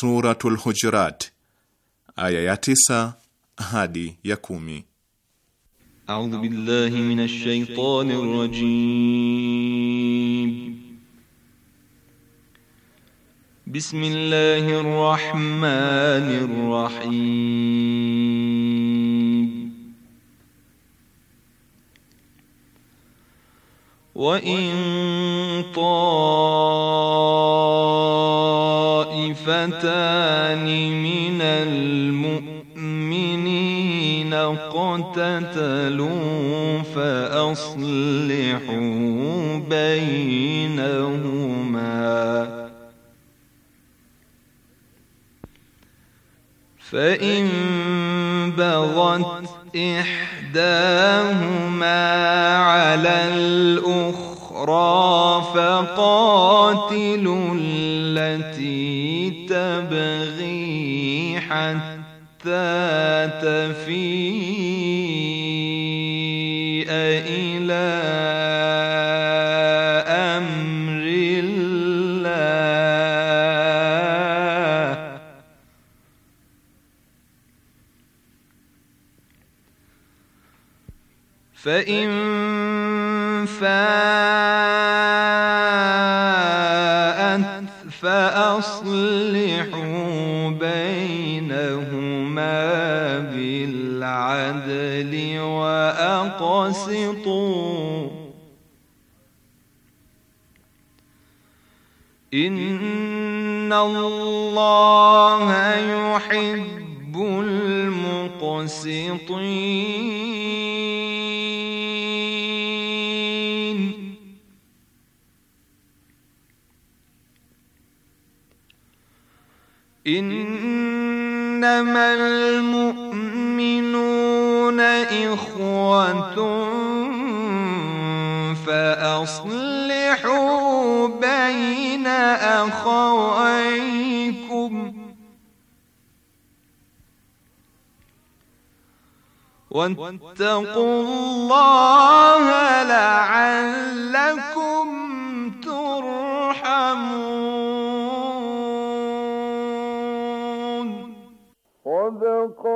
Suratul Hujurat aya ya tisa hadi ya kumi. A'udhu billahi minash shaitani rajim. Bismillahir rahmanir rahim. Wa in المؤمنين اقتتلوا فأصلحوا بينهما فإن بغت إحداهما على الأخرى فقاتلوا التي تبغي حتى ذات تفيء إلى أمر الله فإن فات العدل وأقسطوا إن الله يحب المقسطين إنما الم فأصلحوا بين أخويكم واتقوا الله لعلكم ترحمون صدق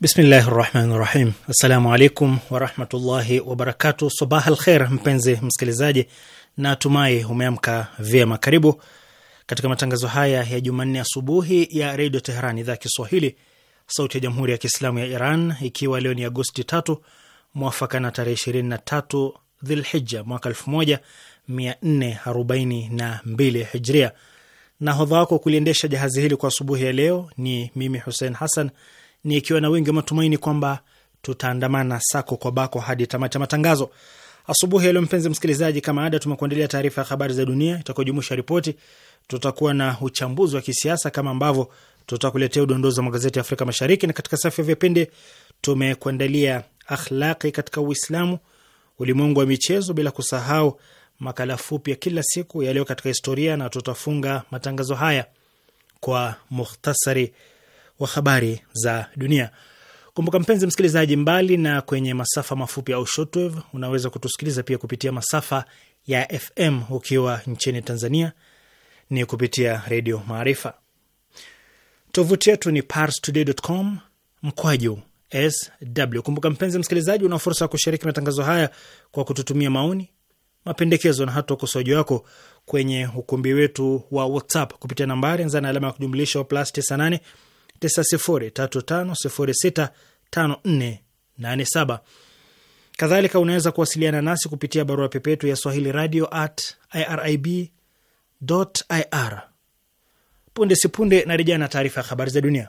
Bismillahi rahmani rahim. Assalamu alaikum warahmatullahi wabarakatu. Sabah alkher, mpenzi msikilizaji, na tumai umeamka vyema. Karibu katika matangazo haya ya Jumanne asubuhi ya redio Teheran, idhaa ya Kiswahili, sauti ya jamhuri ya kiislamu ya Iran, ikiwa leo ni Agosti tatu mwafaka na tarehe ishirini na tatu Dhilhija mwaka elfu moja mia nne arobaini na mbili Hijria. Nahodha wako kuliendesha jahazi hili kwa asubuhi ya leo ni mimi Husein Hasan ni ikiwa na wengi wa matumaini kwamba tutaandamana sako kwa bako hadi tamati ya matangazo asubuhi ya leo. Mpenzi msikilizaji, kama ada, tumekuandalia taarifa ya habari za dunia itakayojumuisha ripoti. Tutakuwa na uchambuzi wa kisiasa kama ambavyo tutakuletea udondozi wa magazeti ya Afrika Mashariki, na katika safu ya vipindi tumekuandalia akhlaqi katika Uislamu, ulimwengu wa michezo, bila kusahau makala fupi ya kila siku yaliyo katika historia, na tutafunga matangazo haya kwa mukhtasari wa habari za dunia. Kumbuka mpenzi msikilizaji, mbali na kwenye masafa mafupi au shortwave, unaweza kutusikiliza pia kupitia masafa ya FM ukiwa nchini Tanzania ni kupitia Redio Maarifa. Tovuti yetu ni parstoday.com mkwaju sw. Kumbuka mpenzi msikilizaji, una fursa ya kushiriki matangazo haya kwa kututumia maoni, mapendekezo na hata ukosoaji wako kwenye ukumbi wetu wa WhatsApp kupitia nambari nzana alama ya kujumlisha wa 9035065487. Kadhalika unaweza kuwasiliana nasi kupitia barua pepe yetu ya Swahili radio at irib ir. Punde sipunde narejea na taarifa ya habari za dunia.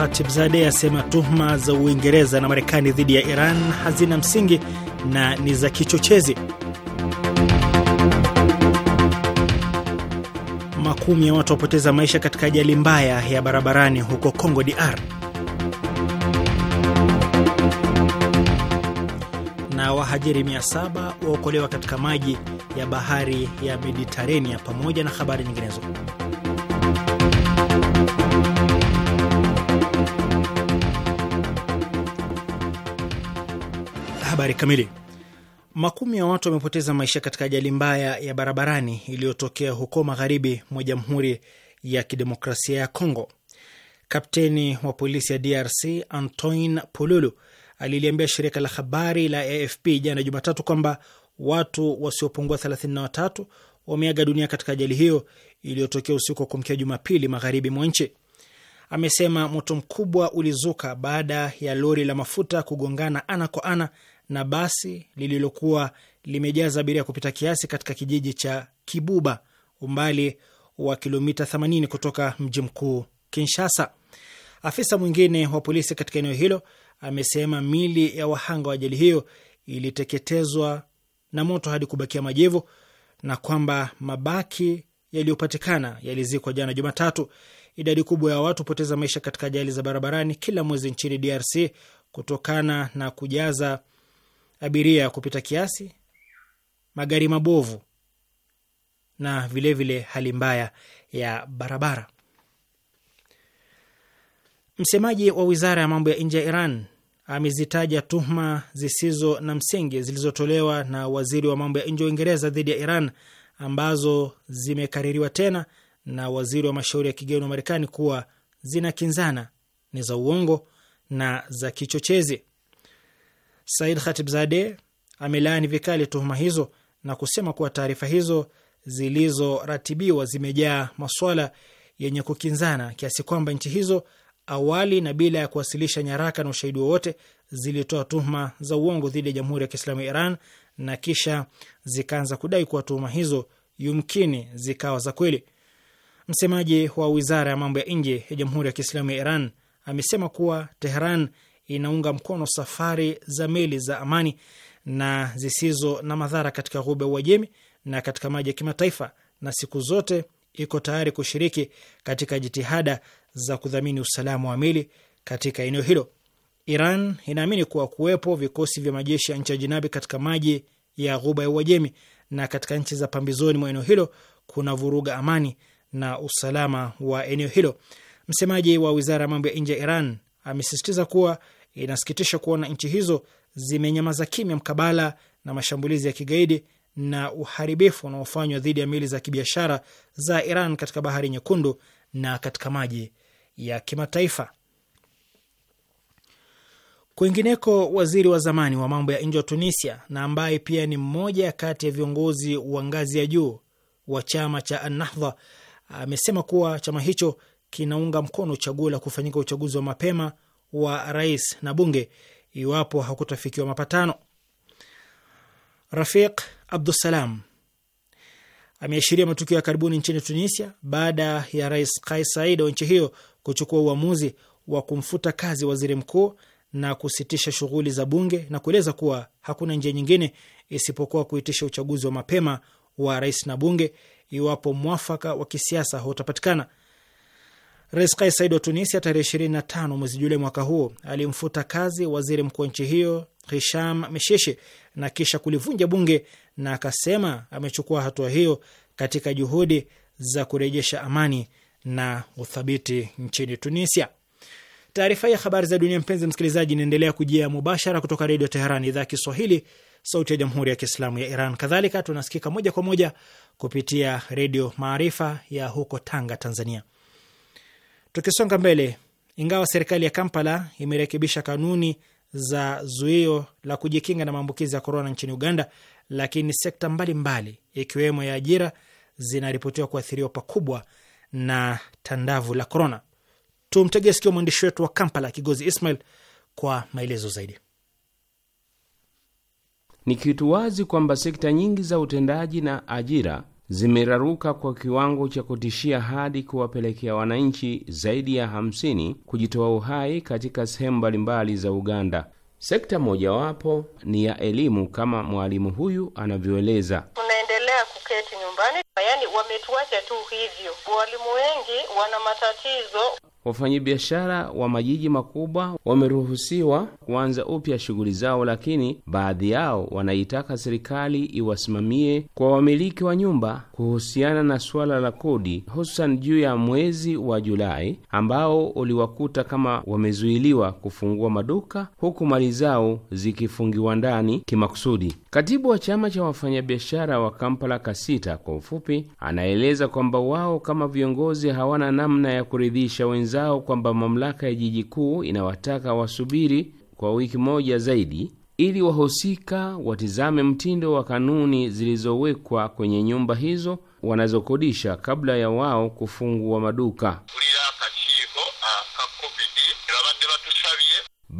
Khatibzadeh asema tuhuma za Uingereza na Marekani dhidi ya Iran hazina msingi na ni za kichochezi. Makumi ya watu wapoteza maisha katika ajali mbaya ya barabarani huko congo DR. Na wahajiri 700 waokolewa katika maji ya bahari ya Mediterania, pamoja na habari nyinginezo. Habari kamili. Makumi ya watu wamepoteza maisha katika ajali mbaya ya barabarani iliyotokea huko magharibi mwa Jamhuri ya Kidemokrasia ya Kongo. Kapteni wa polisi ya DRC Antoine Polulu aliliambia shirika la habari la AFP jana Jumatatu kwamba watu wasiopungua 33 wameaga dunia katika ajali hiyo iliyotokea usiku wa kuamkia Jumapili magharibi mwa nchi. Amesema moto mkubwa ulizuka baada ya lori la mafuta kugongana ana kwa ana na basi lililokuwa limejaza abiria kupita kiasi katika kijiji cha Kibuba, umbali wa kilomita 80 kutoka mji mkuu Kinshasa. Afisa mwingine wa polisi katika eneo hilo amesema mili ya wahanga wa ajali hiyo iliteketezwa na moto hadi kubakia majivu na kwamba mabaki yaliyopatikana yalizikwa jana Jumatatu. Idadi kubwa ya watu hupoteza maisha katika ajali za barabarani kila mwezi nchini DRC kutokana na kujaza abiria ya kupita kiasi, magari mabovu na vilevile hali mbaya ya barabara. Msemaji wa wizara ya mambo ya nje ya Iran amezitaja tuhuma zisizo na msingi zilizotolewa na waziri wa mambo ya nje wa Uingereza dhidi ya Iran ambazo zimekaririwa tena na waziri wa mashauri ya kigeni wa Marekani kuwa zinakinzana, ni za uongo na za kichochezi. Said zade amelaani vikali tuhuma hizo na kusema kuwa taarifa hizo zilizoratibiwa zimejaa maswala yenye kukinzana kiasi kwamba nchi hizo awali na bila ya kuwasilisha nyaraka na ushahidi wowote zilitoa tuhuma za uongo dhidi ya Jamhuri ya Kiislamu ya Iran na kisha zikaanza kudai kuwa tuhuma hizo yumkini zikawa za kweli. Msemaji wa wizara ya mambo ya nje ya Jamhuri ya Kiislamu ya Iran amesema kuwa Tehran inaunga mkono safari za meli za amani na zisizo na madhara katika ghuba ya Uajemi na katika maji ya kimataifa, na siku zote iko tayari kushiriki katika jitihada za kudhamini usalama wa meli katika eneo hilo. Iran inaamini kuwa kuwepo vikosi vya majeshi ya nchi ya jinabi katika maji ya ghuba ya Uajemi na katika nchi za pambizoni mwa eneo hilo kuna vuruga amani na usalama wa eneo hilo. Msemaji wa wizara ya mambo ya nje ya Iran amesisitiza kuwa Inasikitisha kuona nchi hizo zimenyamaza kimya mkabala na mashambulizi ya kigaidi na uharibifu unaofanywa dhidi ya meli za kibiashara za Iran katika bahari nyekundu na katika maji ya kimataifa. Kwingineko, waziri wa zamani wa mambo ya nje wa Tunisia na ambaye pia ni mmoja kati ya viongozi wa ngazi ya juu wa chama cha Annahdha amesema kuwa chama hicho kinaunga mkono chaguo la kufanyika uchaguzi wa mapema wa rais na bunge iwapo hakutafikiwa mapatano. Rafiq Abdusalam ameashiria matukio ya karibuni nchini Tunisia baada ya rais Kais Saied wa nchi hiyo kuchukua uamuzi wa kumfuta kazi waziri mkuu na kusitisha shughuli za bunge na kueleza kuwa hakuna njia nyingine isipokuwa kuitisha uchaguzi wa mapema wa rais na bunge iwapo mwafaka wa kisiasa hautapatikana. Rais Kais Saied wa Tunisia tarehe ishirini na tano mwezi Julai mwaka huo alimfuta kazi waziri mkuu wa nchi hiyo Hisham Mesheshe na kisha kulivunja bunge, na akasema amechukua hatua hiyo katika juhudi za kurejesha amani na uthabiti nchini Tunisia. Taarifa ya habari za dunia, mpenzi msikilizaji, inaendelea kujia mubashara kutoka Redio Teheran, idhaa Kiswahili, sauti ya jamhuri ya kiislamu ya Iran. Kadhalika tunasikika moja kwa moja kupitia Redio Maarifa ya huko Tanga, Tanzania. Tukisonga mbele, ingawa serikali ya Kampala imerekebisha kanuni za zuio la kujikinga na maambukizi ya korona nchini Uganda, lakini sekta mbalimbali ikiwemo ya ajira zinaripotiwa kuathiriwa pakubwa na tandavu la korona. Tumtegee sikio mwandishi wetu wa Kampala, Kigozi Ismail, kwa maelezo zaidi. Ni kitu wazi kwamba sekta nyingi za utendaji na ajira zimeraruka kwa kiwango cha kutishia hadi kuwapelekea wananchi zaidi ya hamsini kujitoa uhai katika sehemu mbalimbali za Uganda. Sekta mojawapo ni ya elimu, kama mwalimu huyu anavyoeleza. Tunaendelea kuketi nyumbani, yaani wametuacha tu hivyo. Walimu wengi wana matatizo Wafanyabiashara wa majiji makubwa wameruhusiwa kuanza upya shughuli zao, lakini baadhi yao wanaitaka serikali iwasimamie kwa wamiliki wa nyumba kuhusiana na suala la kodi, hususan juu ya mwezi wa Julai ambao uliwakuta kama wamezuiliwa kufungua maduka huku mali zao zikifungiwa ndani kimakusudi. Katibu wa chama cha wafanyabiashara wa Kampala, Kasita kwa ufupi, anaeleza kwamba wao kama viongozi hawana namna ya kuridhisha wenzi wenzao kwamba mamlaka ya jiji kuu inawataka wasubiri kwa wiki moja zaidi ili wahusika watizame mtindo wa kanuni zilizowekwa kwenye nyumba hizo wanazokodisha kabla ya wao kufungua wa maduka.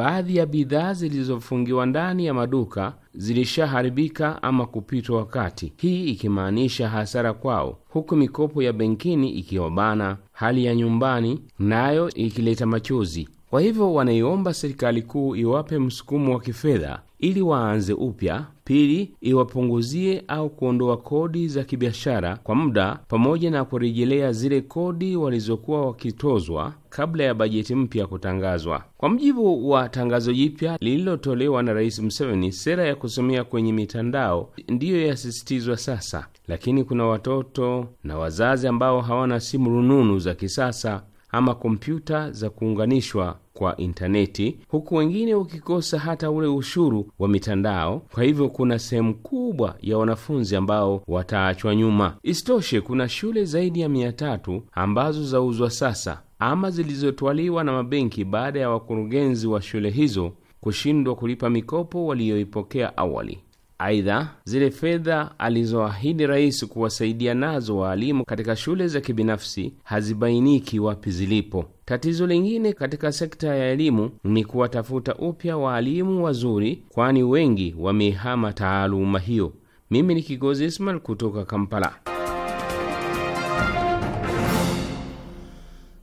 baadhi ya bidhaa zilizofungiwa ndani ya maduka zilishaharibika ama kupitwa wakati, hii ikimaanisha hasara kwao, huku mikopo ya benkini ikiwabana, hali ya nyumbani nayo ikileta machozi. Kwa hivyo wanaiomba serikali kuu iwape msukumo wa kifedha ili waanze upya; pili, iwapunguzie au kuondoa kodi za kibiashara kwa muda pamoja na kurejelea zile kodi walizokuwa wakitozwa kabla ya bajeti mpya kutangazwa. Kwa mujibu wa tangazo jipya lililotolewa na Rais Museveni, sera ya kusomea kwenye mitandao ndiyo yasisitizwa sasa, lakini kuna watoto na wazazi ambao hawana simu rununu za kisasa ama kompyuta za kuunganishwa kwa intaneti, huku wengine wakikosa hata ule ushuru wa mitandao. Kwa hivyo kuna sehemu kubwa ya wanafunzi ambao wataachwa nyuma. Isitoshe, kuna shule zaidi ya mia tatu ambazo zauzwa sasa ama zilizotwaliwa na mabenki baada ya wakurugenzi wa shule hizo kushindwa kulipa mikopo waliyoipokea awali. Aidha, zile fedha alizoahidi rais kuwasaidia nazo waalimu katika shule za kibinafsi hazibainiki wapi zilipo. Tatizo lingine katika sekta ya elimu ni kuwatafuta upya waalimu wazuri, kwani wengi wamehama taaluma hiyo. Mimi ni Kigozi Ismail kutoka Kampala.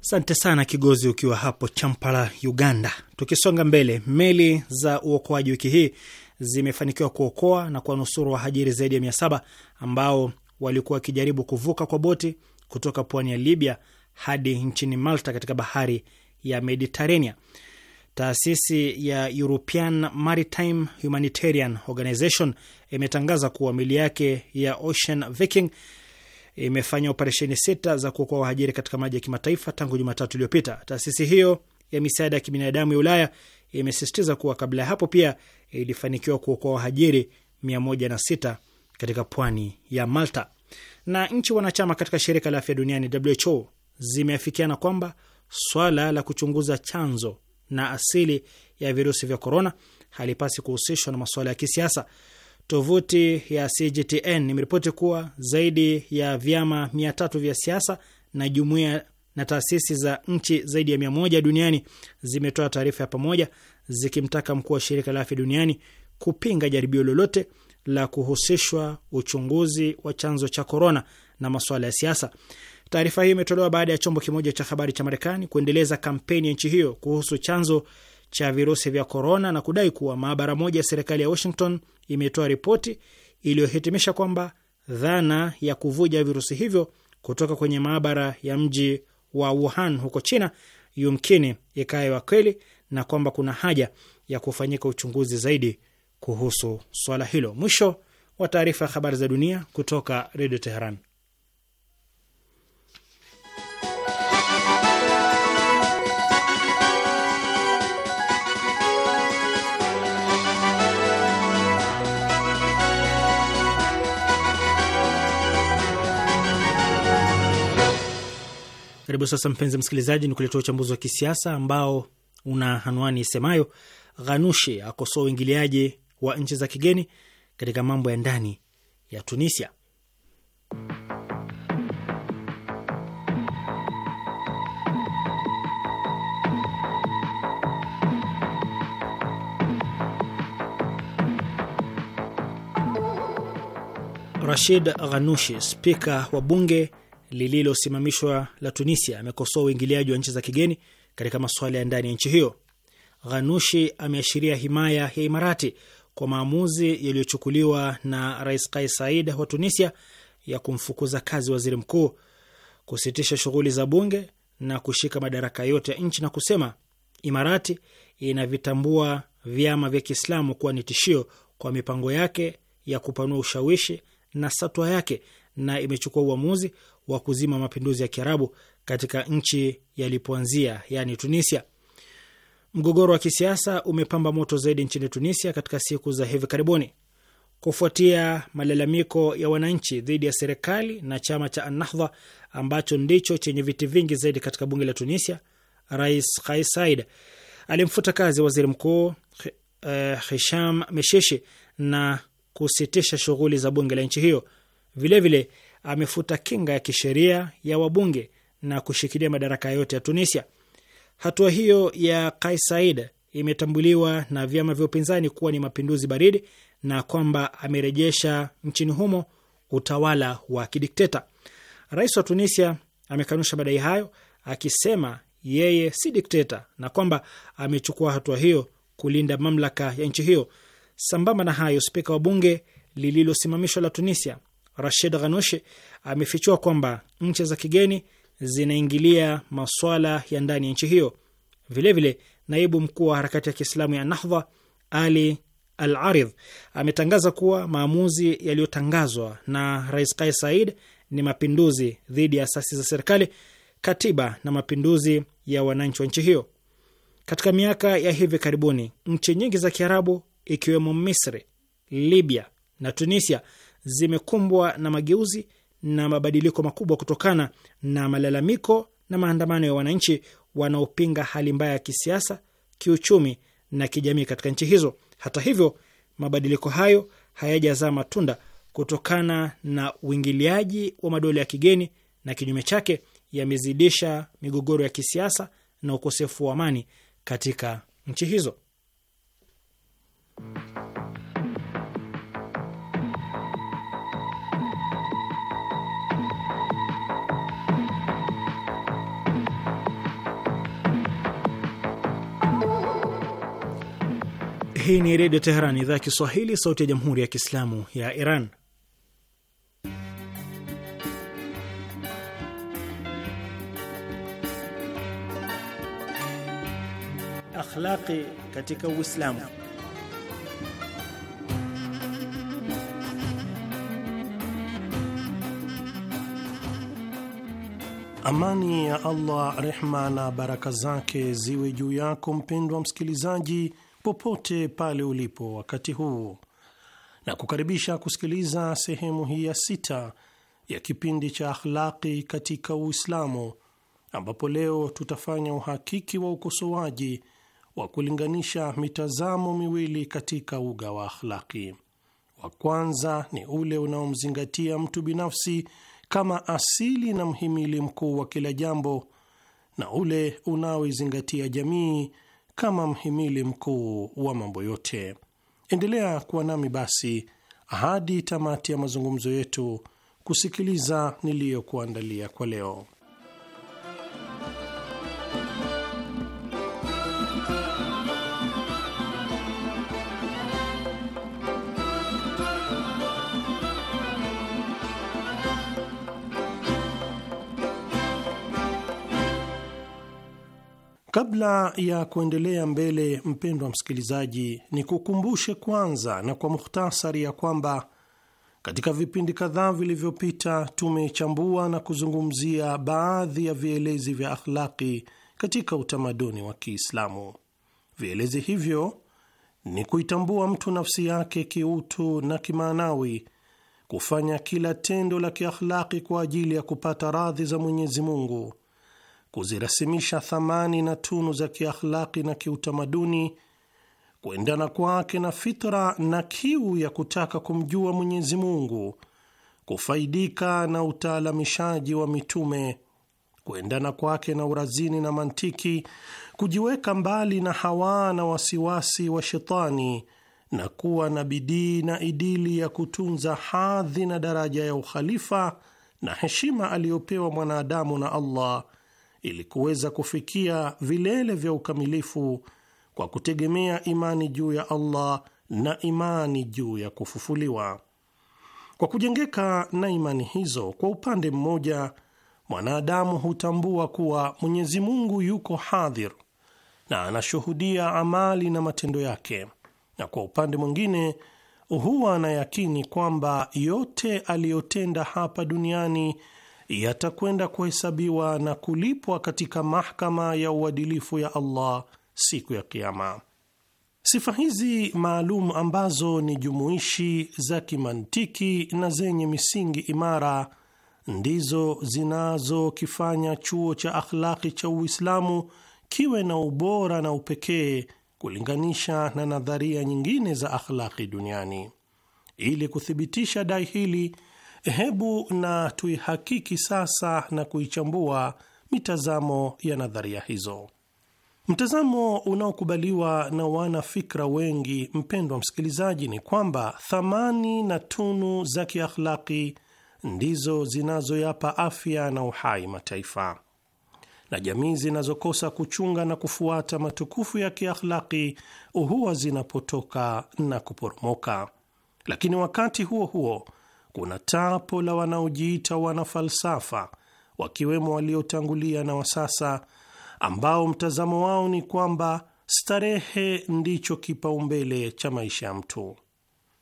Asante sana Kigozi, ukiwa hapo champala Uganda. Tukisonga mbele, meli za uokoaji wiki hii zimefanikiwa kuokoa na kuwanusuru wahajiri zaidi ya mia saba ambao walikuwa wakijaribu kuvuka kwa boti kutoka pwani ya Libya hadi nchini Malta katika bahari ya Mediterania. Taasisi ya European Maritime Humanitarian Organization imetangaza kuwa meli yake ya Ocean Viking imefanya operesheni sita za kuokoa wahajiri katika maji ya kimataifa tangu Jumatatu iliyopita. Taasisi hiyo ya misaada ya kibinadamu ya Ulaya imesisitiza kuwa kabla ya hapo pia ilifanikiwa kuokoa wahajiri 106 katika pwani ya Malta. Na nchi wanachama katika shirika la afya duniani WHO zimeafikiana kwamba swala la kuchunguza chanzo na asili ya virusi vya korona halipasi kuhusishwa na masuala ya kisiasa. Tovuti ya CGTN imeripoti kuwa zaidi ya vyama mia tatu vya siasa na jumuiya na taasisi za nchi zaidi ya mia moja duniani zimetoa taarifa ya pamoja zikimtaka mkuu wa shirika la afya duniani kupinga jaribio lolote la kuhusishwa uchunguzi wa chanzo cha korona na masuala ya siasa. Taarifa hiyo imetolewa baada ya chombo kimoja cha habari cha Marekani kuendeleza kampeni ya nchi hiyo kuhusu chanzo cha virusi vya korona na kudai kuwa maabara moja ya serikali ya Washington imetoa ripoti iliyohitimisha kwamba dhana ya kuvuja virusi hivyo kutoka kwenye maabara ya mji wa Wuhan huko China yumkini ikawewa kweli na kwamba kuna haja ya kufanyika uchunguzi zaidi kuhusu swala hilo. Mwisho wa taarifa ya habari za dunia kutoka Redio Teheran. Karibu sasa, mpenzi msikilizaji, ni kuletea uchambuzi wa kisiasa ambao una anwani isemayo Ghanushi akosoa uingiliaji wa nchi za kigeni katika mambo ya ndani ya Tunisia. Rashid Ghanushi, spika wa bunge lililosimamishwa la Tunisia amekosoa uingiliaji wa nchi za kigeni katika masuala ya ndani ya nchi hiyo. Ghanushi ameashiria himaya ya Imarati kwa maamuzi yaliyochukuliwa na Rais Kais Saied wa Tunisia ya kumfukuza kazi waziri mkuu, kusitisha shughuli za bunge na kushika madaraka yote ya nchi, na kusema Imarati inavitambua vyama vya Kiislamu kuwa ni tishio kwa mipango yake ya kupanua ushawishi na satwa yake na imechukua uamuzi wa kuzima mapinduzi ya Kiarabu katika nchi yalipoanzia, yani Tunisia. Mgogoro wa kisiasa umepamba moto zaidi nchini Tunisia katika siku za hivi karibuni kufuatia malalamiko ya wananchi dhidi ya serikali na chama cha Annahdha ambacho ndicho chenye viti vingi zaidi katika bunge la Tunisia. Rais Kais Saied alimfuta kazi waziri mkuu eh, Hisham Mesheshi na kusitisha shughuli za bunge la nchi hiyo. Vilevile amefuta kinga ya kisheria ya wabunge na kushikilia madaraka yote ya Tunisia. Hatua hiyo ya Kais Saied imetambuliwa na vyama vya upinzani kuwa ni mapinduzi baridi na kwamba amerejesha nchini humo utawala wa kidikteta. Rais wa Tunisia amekanusha madai hayo akisema yeye si dikteta na kwamba amechukua hatua hiyo kulinda mamlaka ya nchi hiyo. Sambamba na hayo, spika wa bunge lililosimamishwa la Tunisia Rashid ghanushi amefichua kwamba nchi za kigeni zinaingilia maswala ya ndani ya nchi hiyo. Vilevile vile, naibu mkuu wa harakati ya Kiislamu ya Nahdha Ali Al-Aridh ametangaza kuwa maamuzi yaliyotangazwa na Rais Kais said ni mapinduzi dhidi ya asasi za serikali, katiba na mapinduzi ya wananchi wa nchi hiyo. Katika miaka ya hivi karibuni, nchi nyingi za Kiarabu ikiwemo Misri, Libya na Tunisia zimekumbwa na mageuzi na mabadiliko makubwa kutokana na malalamiko na maandamano ya wananchi wanaopinga hali mbaya ya kisiasa, kiuchumi na kijamii katika nchi hizo. Hata hivyo, mabadiliko hayo hayajazaa matunda kutokana na uingiliaji wa madola ya kigeni na kinyume chake yamezidisha migogoro ya kisiasa na ukosefu wa amani katika nchi hizo. Hii ni Redio Teheran, idhaa ya Kiswahili, sauti ya Jamhuri ya Kiislamu ya Iran. Akhlaqi katika Uislamu. Amani ya Allah, rehma na baraka zake ziwe juu yako, mpendwa msikilizaji popote pale ulipo wakati huu, na kukaribisha kusikiliza sehemu hii ya sita ya kipindi cha Akhlaqi katika Uislamu, ambapo leo tutafanya uhakiki wa ukosoaji wa kulinganisha mitazamo miwili katika uga wa akhlaqi. Wa kwanza ni ule unaomzingatia mtu binafsi kama asili na mhimili mkuu wa kila jambo, na ule unaoizingatia jamii kama mhimili mkuu wa mambo yote. Endelea kuwa nami basi hadi tamati ya mazungumzo yetu kusikiliza niliyokuandalia kwa leo. Kabla ya kuendelea mbele, mpendwa msikilizaji, ni kukumbushe kwanza na kwa muhtasari ya kwamba katika vipindi kadhaa vilivyopita tumechambua na kuzungumzia baadhi ya vielezi vya akhlaki katika utamaduni wa Kiislamu. Vielezi hivyo ni kuitambua mtu nafsi yake kiutu na kimaanawi, kufanya kila tendo la kiakhlaki kwa ajili ya kupata radhi za Mwenyezi Mungu, kuzirasimisha thamani na tunu za kiakhlaki na kiutamaduni, kuendana kwake na fitra na kiu ya kutaka kumjua Mwenyezi Mungu, kufaidika na utaalamishaji wa mitume, kuendana kwake na urazini na mantiki, kujiweka mbali na hawa na wasiwasi wa shetani na kuwa na bidii na idili ya kutunza hadhi na daraja ya ukhalifa na heshima aliyopewa mwanadamu na Allah ili kuweza kufikia vilele vya ukamilifu kwa kutegemea imani juu ya Allah na imani juu ya kufufuliwa. Kwa kujengeka na imani hizo, kwa upande mmoja, mwanadamu hutambua kuwa Mwenyezi Mungu yuko hadhir na anashuhudia amali na matendo yake, na kwa upande mwingine huwa na yakini kwamba yote aliyotenda hapa duniani yatakwenda kuhesabiwa na kulipwa katika mahkama ya uadilifu ya Allah siku ya Kiama. Sifa hizi maalum ambazo ni jumuishi za kimantiki na zenye misingi imara ndizo zinazokifanya chuo cha akhlaki cha Uislamu kiwe na ubora na upekee kulinganisha na nadharia nyingine za akhlaki duniani. Ili kuthibitisha dai hili Hebu na tuihakiki sasa na kuichambua mitazamo ya nadharia hizo, mtazamo unaokubaliwa na wanafikra wengi. Mpendwa msikilizaji, ni kwamba thamani na tunu za kiakhlaki ndizo zinazoyapa afya na uhai mataifa, na jamii zinazokosa kuchunga na kufuata matukufu ya kiakhlaki huwa zinapotoka na kuporomoka. Lakini wakati huo huo kuna tapo la wanaojiita wanafalsafa, wakiwemo waliotangulia na wasasa, ambao mtazamo wao ni kwamba starehe ndicho kipaumbele cha maisha ya mtu.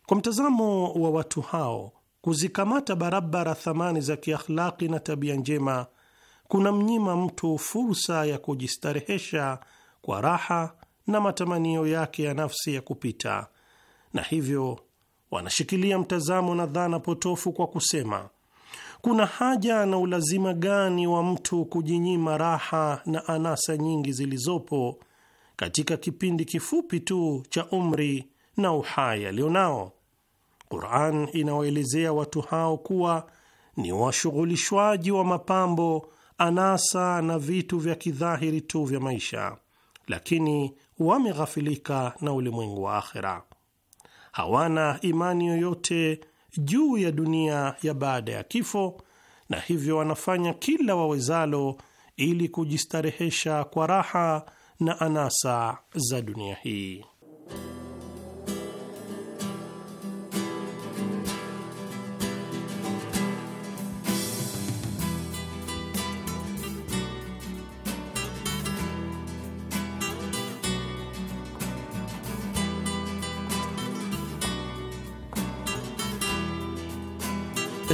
Kwa mtazamo wa watu hao, kuzikamata barabara thamani za kiakhlaki na tabia njema kuna mnyima mtu fursa ya kujistarehesha kwa raha na matamanio yake ya nafsi ya kupita, na hivyo wanashikilia mtazamo na dhana potofu kwa kusema kuna haja na ulazima gani wa mtu kujinyima raha na anasa nyingi zilizopo katika kipindi kifupi tu cha umri na uhai alionao. Quran inawaelezea watu hao kuwa ni washughulishwaji wa mapambo, anasa na vitu vya kidhahiri tu vya maisha, lakini wameghafilika na ulimwengu wa akhera hawana imani yoyote juu ya dunia ya baada ya kifo, na hivyo wanafanya kila wawezalo ili kujistarehesha kwa raha na anasa za dunia hii.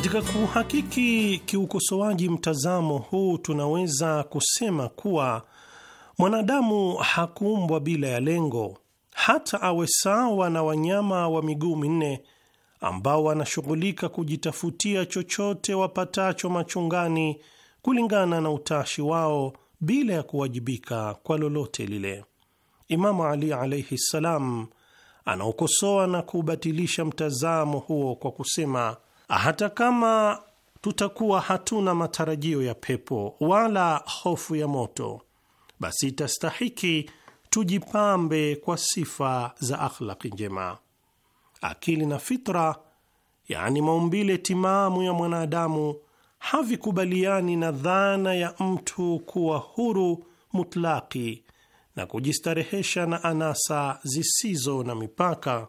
Katika kuhakiki kiukosoaji mtazamo huu, tunaweza kusema kuwa mwanadamu hakuumbwa bila ya lengo, hata awe sawa na wanyama wa miguu minne ambao wanashughulika kujitafutia chochote wapatacho machungani kulingana na utashi wao bila ya kuwajibika kwa lolote lile. Imamu Ali alaihi ssalam anaokosoa na kuubatilisha mtazamo huo kwa kusema hata kama tutakuwa hatuna matarajio ya pepo wala hofu ya moto, basi itastahiki tujipambe kwa sifa za akhlaki njema. Akili na fitra, yaani maumbile timamu ya mwanadamu, havikubaliani na dhana ya mtu kuwa huru mutlaki na kujistarehesha na anasa zisizo na mipaka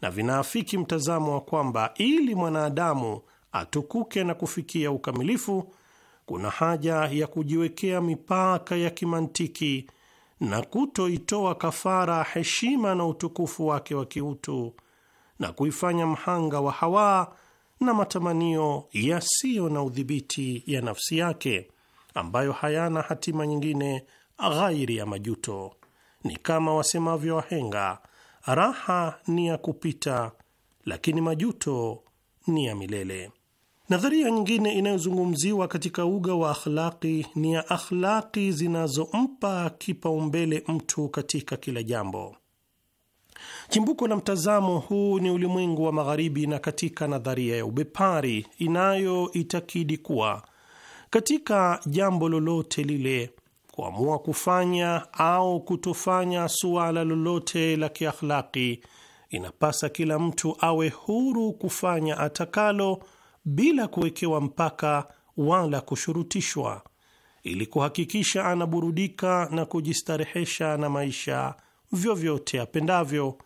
na vinaafiki mtazamo wa kwamba ili mwanadamu atukuke na kufikia ukamilifu, kuna haja ya kujiwekea mipaka ya kimantiki na kutoitoa kafara heshima na utukufu wake wa kiutu na kuifanya mhanga wa hawa na matamanio yasiyo na udhibiti ya nafsi yake ambayo hayana hatima nyingine ghairi ya majuto. Ni kama wasemavyo wahenga raha ni ya kupita, lakini majuto ni ya milele. Nadharia nyingine inayozungumziwa katika uga wa akhlaki ni ya akhlaki zinazompa kipaumbele mtu katika kila jambo. Chimbuko la mtazamo huu ni ulimwengu wa Magharibi na katika nadharia ya ubepari inayoitakidi kuwa katika jambo lolote lile kuamua kufanya au kutofanya suala lolote la kiakhlaki, inapasa kila mtu awe huru kufanya atakalo bila kuwekewa mpaka wala kushurutishwa, ili kuhakikisha anaburudika na kujistarehesha na maisha vyovyote apendavyo,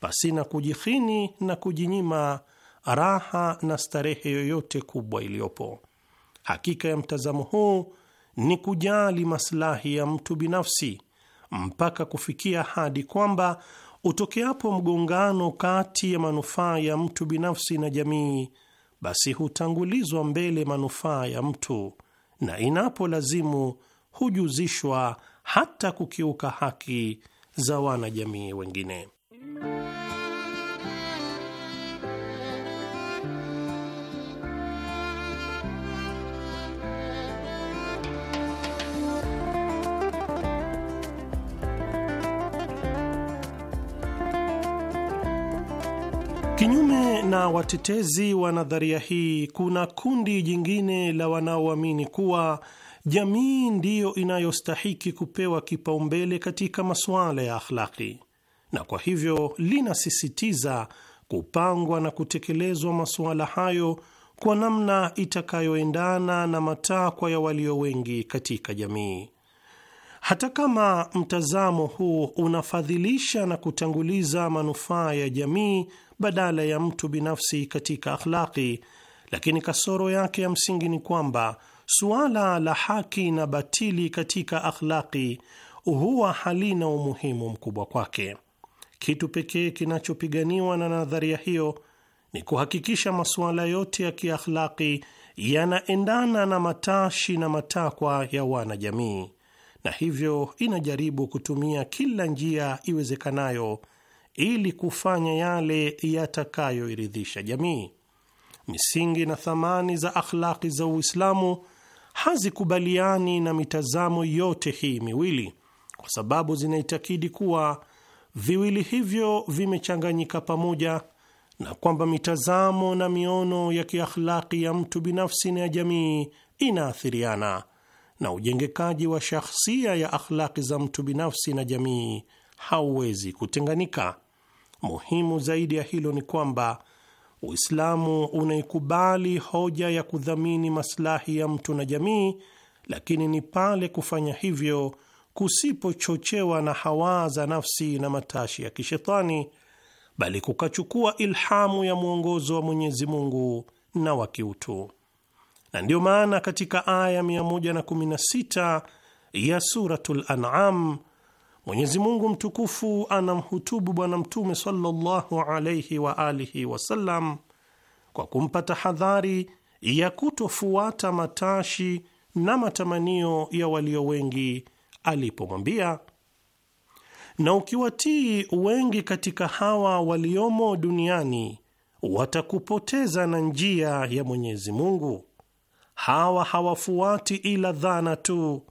pasina kujihini na kujinyima raha na starehe yoyote kubwa iliyopo. Hakika ya mtazamo huu ni kujali maslahi ya mtu binafsi mpaka kufikia hadi kwamba utokeapo mgongano kati ya manufaa ya mtu binafsi na jamii, basi hutangulizwa mbele manufaa ya mtu, na inapolazimu hujuzishwa hata kukiuka haki za wanajamii wengine. na watetezi wa nadharia hii, kuna kundi jingine la wanaoamini kuwa jamii ndiyo inayostahiki kupewa kipaumbele katika masuala ya akhlaki, na kwa hivyo linasisitiza kupangwa na kutekelezwa masuala hayo kwa namna itakayoendana na matakwa ya walio wengi katika jamii. Hata kama mtazamo huu unafadhilisha na kutanguliza manufaa ya jamii badala ya mtu binafsi katika akhlaki, lakini kasoro yake ya msingi ni kwamba suala la haki na batili katika akhlaki huwa halina umuhimu mkubwa kwake. Kitu pekee kinachopiganiwa na nadharia hiyo ni kuhakikisha masuala yote ya kiakhlaki yanaendana na matashi na matakwa ya wanajamii na hivyo inajaribu kutumia kila njia iwezekanayo ili kufanya yale yatakayoiridhisha jamii. Misingi na thamani za akhlaki za Uislamu hazikubaliani na mitazamo yote hii miwili, kwa sababu zinaitakidi kuwa viwili hivyo vimechanganyika pamoja na kwamba mitazamo na miono ya kiakhlaki ya mtu binafsi na ya jamii inaathiriana na ujengekaji wa shahsia ya akhlaki za mtu binafsi na jamii hauwezi kutenganika. Muhimu zaidi ya hilo ni kwamba Uislamu unaikubali hoja ya kudhamini maslahi ya mtu na jamii, lakini ni pale kufanya hivyo kusipochochewa na hawaa za nafsi na matashi ya kishetani, bali kukachukua ilhamu ya mwongozo wa Mwenyezi Mungu na wa kiutu na ndiyo maana katika aya 116 ya Suratul An'am Mwenyezi Mungu mtukufu anamhutubu Bwana Mtume sallallahu alayhi wa alihi wasallam kwa kumpa tahadhari ya kutofuata matashi na matamanio ya walio wengi alipomwambia, na ukiwatii wengi katika hawa waliomo duniani watakupoteza na njia ya Mwenyezi Mungu hawa hawafuati ila dhana tu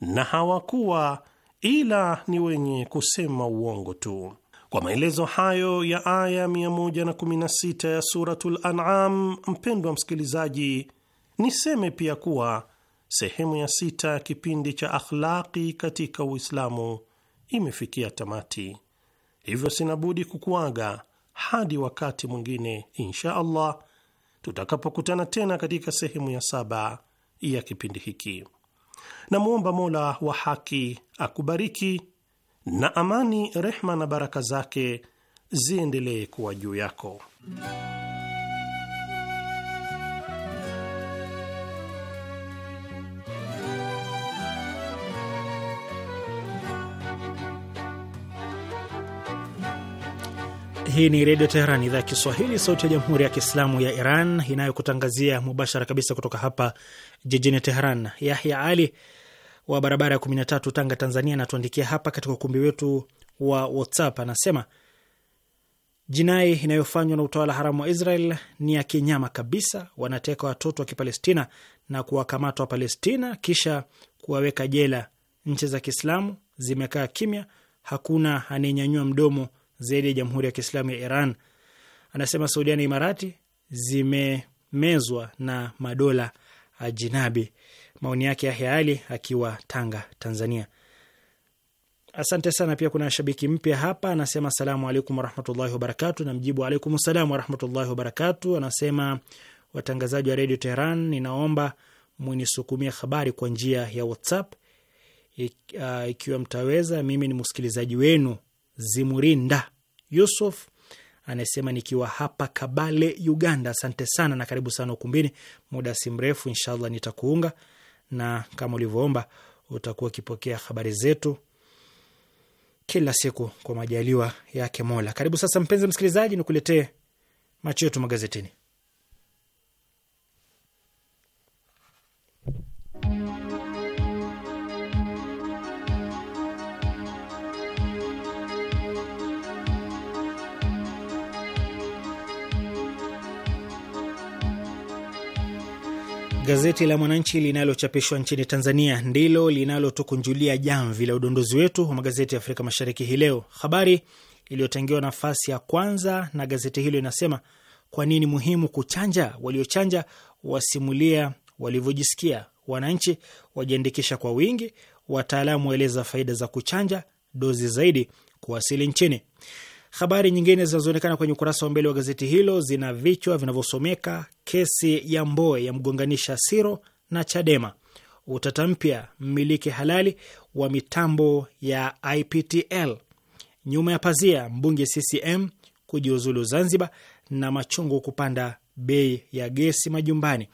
na hawakuwa ila ni wenye kusema uongo tu. Kwa maelezo hayo ya aya 116 ya Suratul An'am, mpendwa msikilizaji, niseme pia kuwa sehemu ya sita ya kipindi cha akhlaqi katika Uislamu imefikia tamati, hivyo sinabudi kukuaga hadi wakati mwingine insha Allah tutakapokutana tena katika sehemu ya saba ya kipindi hiki. Namwomba Mola wa haki akubariki, na amani, rehma na baraka zake ziendelee kuwa juu yako. Hii ni Redio Teheran, idhaa ya Kiswahili, sauti ya Jamhuri ya Kiislamu ya Iran, inayokutangazia mubashara kabisa kutoka hapa jijini Teheran. Yahya Ali wa barabara ya 13 Tanga, Tanzania, anatuandikia hapa katika ukumbi wetu wa WhatsApp. Anasema jinai inayofanywa na utawala haramu wa Israel ni ya kinyama kabisa. Wanateka watoto wa Kipalestina na kuwakamata Wapalestina kisha kuwaweka jela. Nchi za Kiislamu zimekaa kimya, hakuna anayenyanyua mdomo zaidi ya Jamhuri ya Kiislamu ya Iran. Anasema Saudia na Imarati zimemezwa na madola ajinabi. Maoni yake Yahya Ali akiwa Tanga, Tanzania. Asante sana. Pia kuna shabiki mpya hapa, anasema salamu alaikum warahmatullahi wabarakatu, na mjibu alaikum salam warahmatullahi wabarakatu. Anasema watangazaji wa redio Teheran, ninaomba mwenisukumia habari kwa njia ya WhatsApp uh, ikiwa mtaweza. Mimi ni msikilizaji wenu Zimurinda Yusuf anasema nikiwa hapa Kabale, Uganda. Asante sana na karibu sana ukumbini. Muda si mrefu, inshallah nitakuunga na kama ulivyoomba utakuwa ukipokea habari zetu kila siku kwa majaliwa yake Mola. Karibu sasa, mpenzi msikilizaji, nikuletee macho yetu magazetini. Gazeti la Mwananchi linalochapishwa nchini Tanzania ndilo linalotukunjulia jamvi la udondozi wetu wa magazeti ya Afrika Mashariki hii leo. Habari iliyotengewa nafasi ya kwanza na gazeti hilo inasema kwa nini muhimu kuchanja, waliochanja wasimulia walivyojisikia, wananchi wajiandikisha kwa wingi, wataalamu waeleza faida za kuchanja, dozi zaidi kuwasili nchini. Habari nyingine zinazoonekana kwenye ukurasa wa mbele wa gazeti hilo zina vichwa vinavyosomeka kesi ya Mboe ya mgonganisha Siro na Chadema, utata mpya mmiliki halali wa mitambo ya IPTL, nyuma ya pazia mbunge CCM kujiuzulu Zanzibar, na machungu kupanda bei ya gesi majumbani.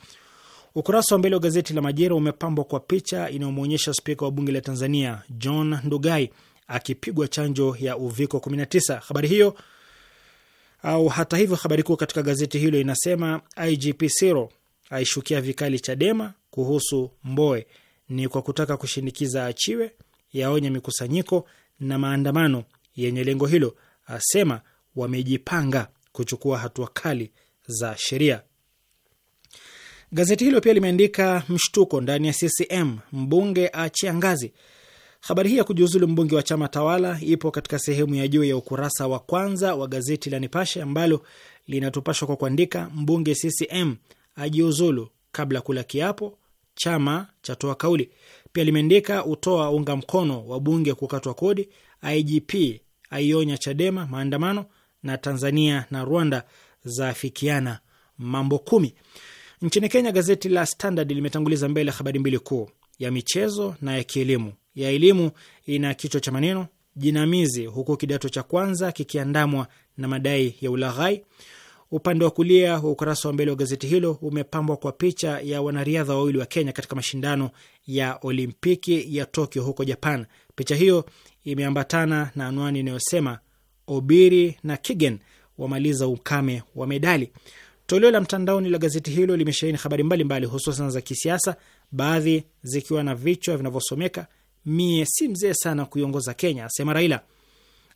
Ukurasa wa mbele wa gazeti la Majira umepambwa kwa picha inayomwonyesha spika wa bunge la Tanzania John Ndugai akipigwa chanjo ya uviko 19. Habari hiyo au hata hivyo, habari kuu katika gazeti hilo inasema IGP Siro aishukia vikali Chadema kuhusu Mboe ni kwa kutaka kushinikiza achiwe, yaonya mikusanyiko na maandamano yenye lengo hilo, asema wamejipanga kuchukua hatua kali za sheria. Gazeti hilo pia limeandika mshtuko ndani ya CCM, mbunge achia ngazi. Habari hii ya kujiuzulu mbunge wa chama tawala ipo katika sehemu ya juu ya ukurasa wa kwanza wa gazeti la Nipashe ambalo linatupashwa kwa kuandika mbunge CCM ajiuzulu kabla kula kiapo, chama chatoa kauli. Pia limeandika utoa unga mkono wa bunge kukatwa kodi, IGP aionya Chadema maandamano, na Tanzania na Rwanda zaafikiana mambo kumi. Nchini Kenya, gazeti la Standard limetanguliza mbele habari mbili kuu, ya michezo na ya kielimu ya elimu ina kichwa cha maneno jinamizi, huku kidato cha kwanza kikiandamwa na madai ya ulaghai. Upande wa kulia wa ukurasa wa mbele wa gazeti hilo umepambwa kwa picha ya wanariadha wawili wa Kenya katika mashindano ya Olimpiki ya Tokyo huko Japan. Picha hiyo imeambatana na anwani inayosema Obiri na Kigen wamaliza ukame wa medali. Toleo la mtandaoni la gazeti hilo limesheheni habari mbalimbali, hususan za kisiasa, baadhi zikiwa na vichwa vinavyosomeka mie si mzee sana kuiongoza Kenya, asema Raila.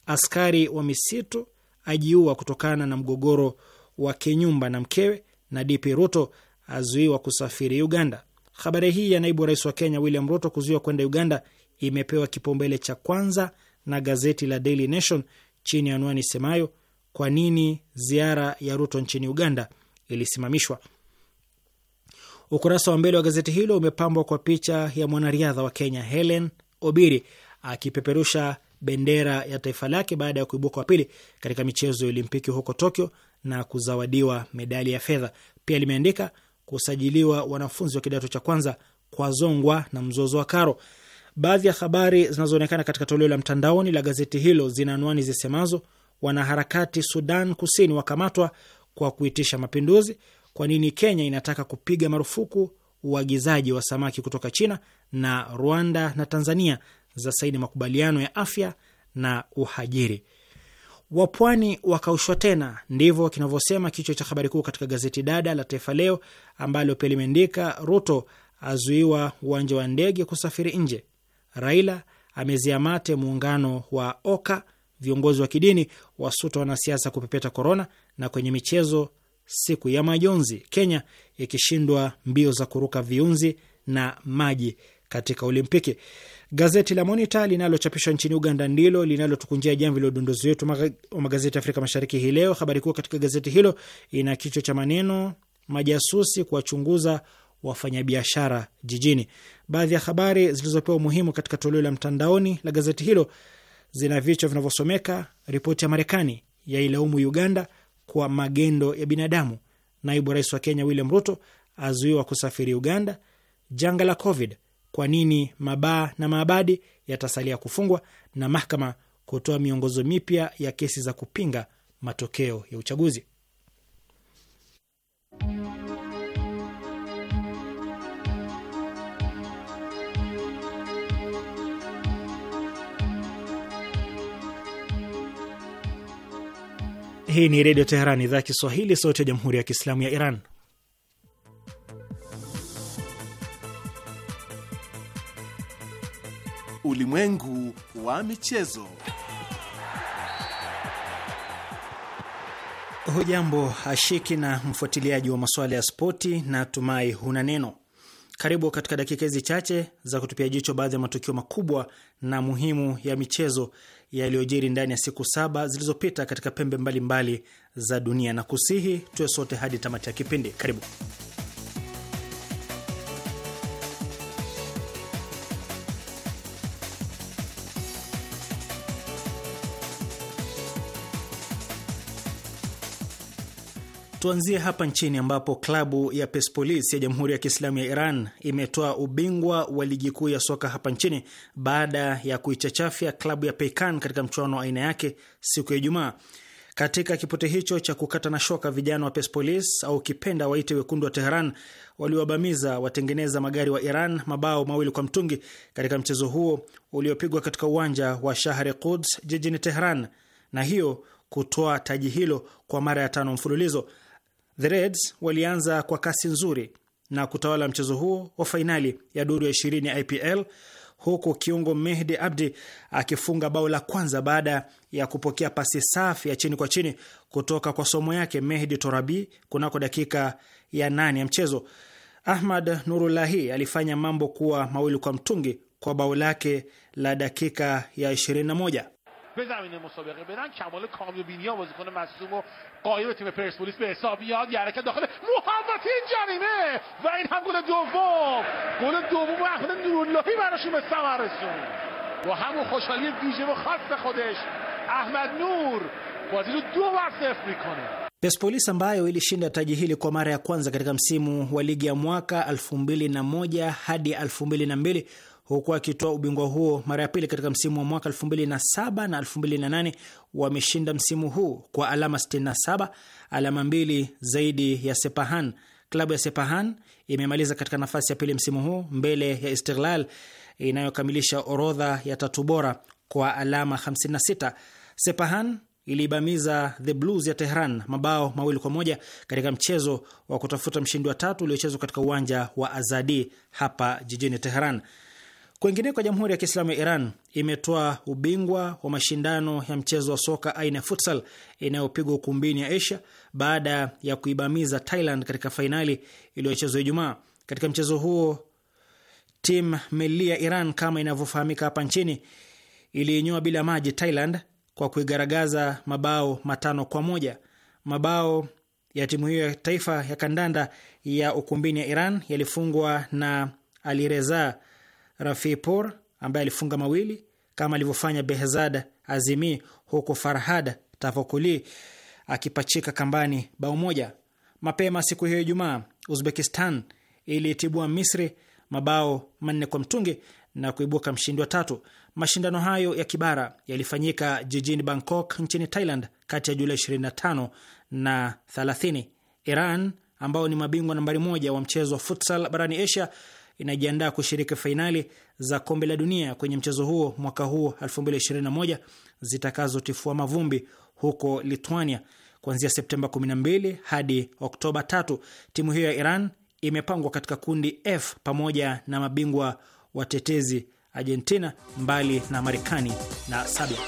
Askari wa misitu ajiua kutokana na mgogoro wa kinyumba na mkewe, na DP Ruto azuiwa kusafiri Uganda. Habari hii ya naibu rais wa Kenya William Ruto kuzuiwa kwenda Uganda imepewa kipaumbele cha kwanza na gazeti la Daily Nation chini ya anwani semayo, kwa nini ziara ya Ruto nchini Uganda ilisimamishwa? Ukurasa wa mbele wa gazeti hilo umepambwa kwa picha ya mwanariadha wa Kenya Helen Obiri akipeperusha bendera ya taifa lake baada ya kuibuka wa pili katika michezo ya Olimpiki huko Tokyo na kuzawadiwa medali ya fedha. Pia limeandika kusajiliwa wanafunzi wa kidato cha kwanza kwa zongwa na mzozo wa karo. Baadhi ya habari zinazoonekana katika toleo la mtandaoni la gazeti hilo zina anwani zisemazo: wanaharakati Sudan Kusini wakamatwa kwa kuitisha mapinduzi, kwa nini Kenya inataka kupiga marufuku uagizaji wa samaki kutoka China na Rwanda na Tanzania za saini makubaliano ya afya na uhajiri. Wapwani wakaushwa tena, ndivyo kinavyosema kichwa cha habari kuu katika gazeti dada la Taifa Leo ambalo pia limeandika Ruto azuiwa uwanja wa ndege kusafiri nje, Raila mate muungano wa Oka, viongozi wa kidini wasuta wanasiasa kupepeta korona, na kwenye michezo siku ya majonzi, Kenya ikishindwa mbio za kuruka viunzi na maji katika Olimpiki. Gazeti la Monita linalochapishwa nchini Uganda ndilo linalotukunjia jamvi la udondozi wetu wa magazeti ya Afrika Mashariki hii leo. Habari kuu katika gazeti hilo ina kichwa cha maneno majasusi kuwachunguza wafanyabiashara jijini. Baadhi ya habari zilizopewa umuhimu katika toleo la mtandaoni la gazeti hilo zina vichwa vinavyosomeka: ripoti ya Marekani yailaumu Uganda, kwa magendo ya binadamu. Naibu rais wa Kenya William Ruto azuiwa kusafiri Uganda. Janga la Covid, kwa nini mabaa na maabadi yatasalia kufungwa? Na mahakama kutoa miongozo mipya ya kesi za kupinga matokeo ya uchaguzi. Hii ni Redio Teherani, idhaa ya Kiswahili, sauti ya Jamhuri ya Kiislamu ya Iran. Ulimwengu wa michezo. Hujambo ashiki na mfuatiliaji wa masuala ya spoti, na tumai huna neno. Karibu katika dakika hizi chache za kutupia jicho baadhi ya matukio makubwa na muhimu ya michezo yaliyojiri ndani ya siku saba zilizopita katika pembe mbalimbali mbali za dunia, na kusihi tuwe sote hadi tamati ya kipindi. Karibu. Tuanzie hapa nchini ambapo klabu ya Persepolis ya Jamhuri ya Kiislamu ya Iran imetoa ubingwa wa ligi kuu ya soka hapa nchini baada ya kuichachafya klabu ya Peikan katika mchuano wa aina yake siku ya Ijumaa. Katika kipote hicho cha kukata na shoka, vijana wa Persepolis au kipenda waite wekundu wa Teheran waliowabamiza watengeneza magari wa Iran mabao mawili kwa mtungi katika mchezo huo uliopigwa katika uwanja wa Shahri e Quds jijini Teheran, na hiyo kutoa taji hilo kwa mara ya tano mfululizo. The Reds walianza kwa kasi nzuri na kutawala mchezo huo wa fainali ya duru ya 20 ya IPL huku kiungo Mehdi Abdi akifunga bao la kwanza baada ya kupokea pasi safi ya chini kwa chini kutoka kwa somo yake Mehdi Torabi kunako dakika ya nane ya mchezo. Ahmad Nurulahi alifanya mambo kuwa mawili kwa mtungi kwa bao lake la dakika ya 21. به زمین مسابقه برن کمال کامیوبینیا بازیکن مصدوم و قایب تیم پرسپولیس به حساب میاد حرکت داخل محوطه این جریمه و این هم گل دوم گل دوم احمد نوراللهی براشون به ثمر رسوند با همون خوشحالی ویژه و خاص خودش احمد نور بازی رو دو بر صفر میکنه Persepolis ambayo ilishinda taji hili kwa mara ya kwanza katika msimu wa ligi ya mwaka 2001 hadi 2002 huku akitoa ubingwa huo mara ya pili katika msimu wa mwaka 2007 na 2008. Wameshinda msimu huu kwa alama 67, alama mbili zaidi ya Sepahan. Klabu ya Sepahan imemaliza katika nafasi ya pili msimu huu mbele ya Istiklal inayokamilisha orodha ya tatu bora kwa alama 56. Sepahan iliibamiza The Blues ya Tehran mabao mawili kwa moja katika mchezo wa kutafuta mshindi wa tatu uliochezwa katika uwanja wa Azadi hapa jijini Tehran kwa Jamhuri ya Kiislamu ya Iran imetoa ubingwa wa mashindano ya mchezo wa soka aina ya futsal inayopigwa ukumbini ya Asia baada ya kuibamiza Thailand katika fainali iliyochezwa Ijumaa. Katika mchezo huo tim meli ya Iran kama inavyofahamika hapa nchini iliinyoa bila maji Thailand kwa kuigaragaza mabao matano kwa moja. Mabao ya timu hiyo ya taifa ya kandanda ya ukumbini ya Iran yalifungwa na Alireza Rafipor ambaye alifunga mawili kama alivyofanya Behzada Azimi, huku Farhada Tavokuli akipachika kambani bao moja. Mapema siku hiyo Ijumaa, Uzbekistan iliitibua Misri mabao manne kwa mtungi na kuibuka mshindi wa tatu. Mashindano hayo ya kibara yalifanyika jijini Bangkok nchini Thailand kati ya Julai 25 na 30. Iran ambao ni mabingwa nambari moja wa mchezo wa futsal barani Asia inajiandaa kushiriki fainali za kombe la dunia kwenye mchezo huo mwaka huu 2021 zitakazotifua mavumbi huko Lithuania kuanzia Septemba 12 hadi Oktoba 3. Timu hiyo ya Iran imepangwa katika kundi F pamoja na mabingwa watetezi Argentina, mbali na Marekani na Sabia.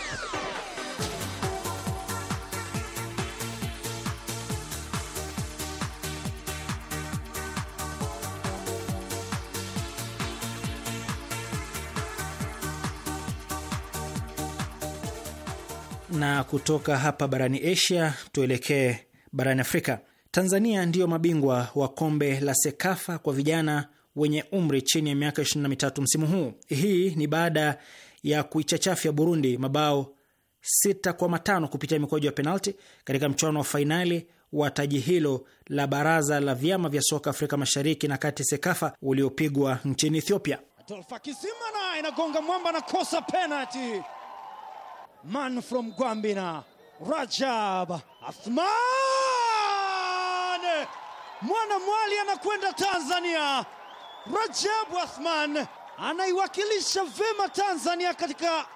kutoka hapa barani Asia tuelekee barani Afrika. Tanzania ndiyo mabingwa wa kombe la SEKAFA kwa vijana wenye umri chini ya miaka 23 msimu huu. Hii ni baada ya kuichachafya Burundi mabao sita kwa matano kupitia mikwaju ya penalti katika mchuano wa fainali wa taji hilo la baraza la vyama vya soka Afrika Mashariki na kati SEKAFA uliopigwa nchini Ethiopia. inagonga mwamba na kosa penalti man from Gwambina, Rajab Athman. Mwana mwali anakwenda Tanzania. Rajab Athman anaiwakilisha vema Tanzania katika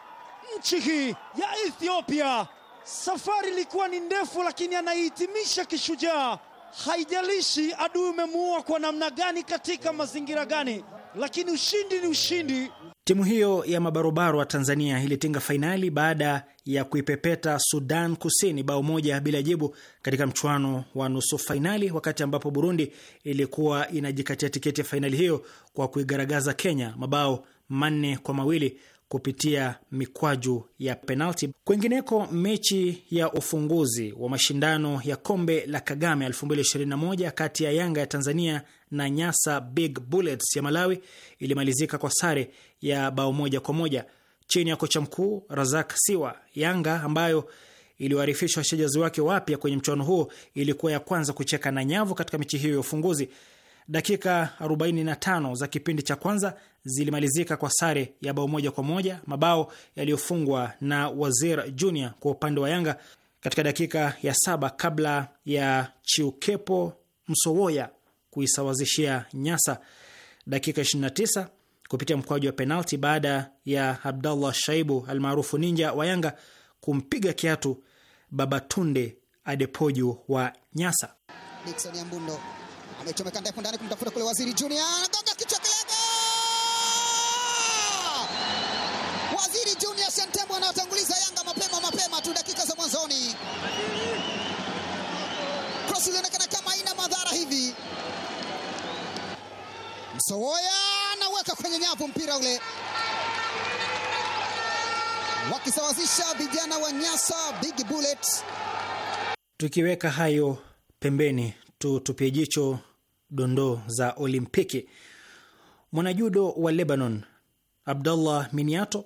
nchi hii ya Ethiopia. Safari ilikuwa ni ndefu, lakini anaihitimisha kishujaa. Haijalishi adui umemuua kwa namna gani, katika mazingira gani, lakini ushindi ni ushindi. Timu hiyo ya mabarobaro wa Tanzania ilitinga fainali baada ya kuipepeta Sudan Kusini bao moja bila jibu katika mchuano wa nusu fainali, wakati ambapo Burundi ilikuwa inajikatia tiketi ya fainali hiyo kwa kuigaragaza Kenya mabao manne kwa mawili kupitia mikwaju ya penalti. Kwingineko, mechi ya ufunguzi wa mashindano ya kombe la Kagame 2021 kati ya Yanga ya Tanzania na Nyasa Big Bullets ya Malawi ilimalizika kwa sare ya bao moja kwa moja chini ya kocha mkuu Razak Siwa. Yanga ambayo iliwarifisha wachezaji wake wapya kwenye mchuano huo ilikuwa ya kwanza kucheka na nyavu katika mechi hiyo ya ufunguzi. Dakika 45 za kipindi cha kwanza zilimalizika kwa sare ya bao moja kwa moja, mabao yaliyofungwa na Wazir Junior kwa upande wa Yanga katika dakika ya saba kabla ya Chiukepo Msowoya kuisawazishia Nyasa. Dakika 29 kupitia mkwaju wa penalti baada ya Abdallah Shaibu almaarufu Ninja wa Yanga kumpiga kiatu Babatunde Adepoju wa Nyasa. Dickson Yambundo amechomeka ndefu ndani kumtafuta kule Waziri Junior, anagonga kichwa Waziri Junior Yanga mapema mapema tu dakika za mwanzoni. Cross ilionekana kama ina madhara hivi. Msowoya kuweka kwenye nyavu mpira ule, wakisawazisha vijana wa Nyasa Big Bullet. Tukiweka hayo pembeni, tutupie jicho dondoo za Olimpiki. Mwanajudo wa Lebanon Abdullah Miniato